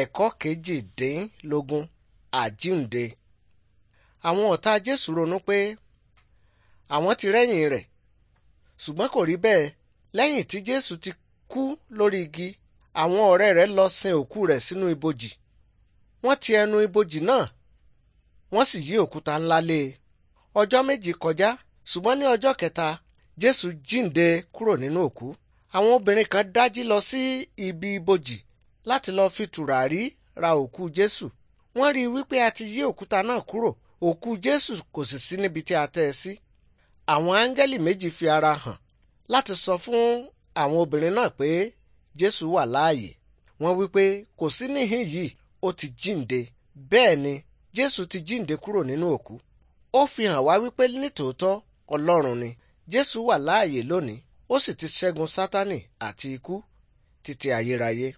ẹ̀kọ́ kejìdínlógún àjínde àwọn ọ̀tá jésù ronú pé àwọn ti rẹ́yìn rẹ̀ ṣùgbọ́n kò rí bẹ́ẹ̀ lẹ́yìn tí jésù ti kú lórí igi àwọn ọ̀rẹ́ rẹ̀ lọ sin òkú rẹ̀ sínú ibojì wọ́n ti ẹnu ibojì náà wọ́n sì yí òkúta ńlá lé e ọjọ́ méjì kọjá ṣùgbọ́n ní ọjọ́ kẹta jésù jíǹde kúrò nínú òkú àwọn obìnrin kan dájí lọ sí ibi ibojì láti lọ́ọ́ fi tùràrí ra òkú Jésù wọ́n rí i wípé a ti yí òkúta náà kúrò òkú Jésù kò sì sí níbi tí a tẹ́ ẹ sí àwọn áńgẹ́lì méjì fi ara hàn láti sọ fún àwọn obìnrin náà pé Jésù wà láàyè wọ́n wípé kò sí níhìn yìí ó ti jíǹde bẹ́ẹ̀ ni Jésù ti jíǹde kúrò nínú òkú ó fi hàn wá wípé nítòótọ́ Ọlọ́run ni Jésù wà láàyè lónìí ó sì ti ṣẹ́gun Sátánì àti ikú títí ayérayé.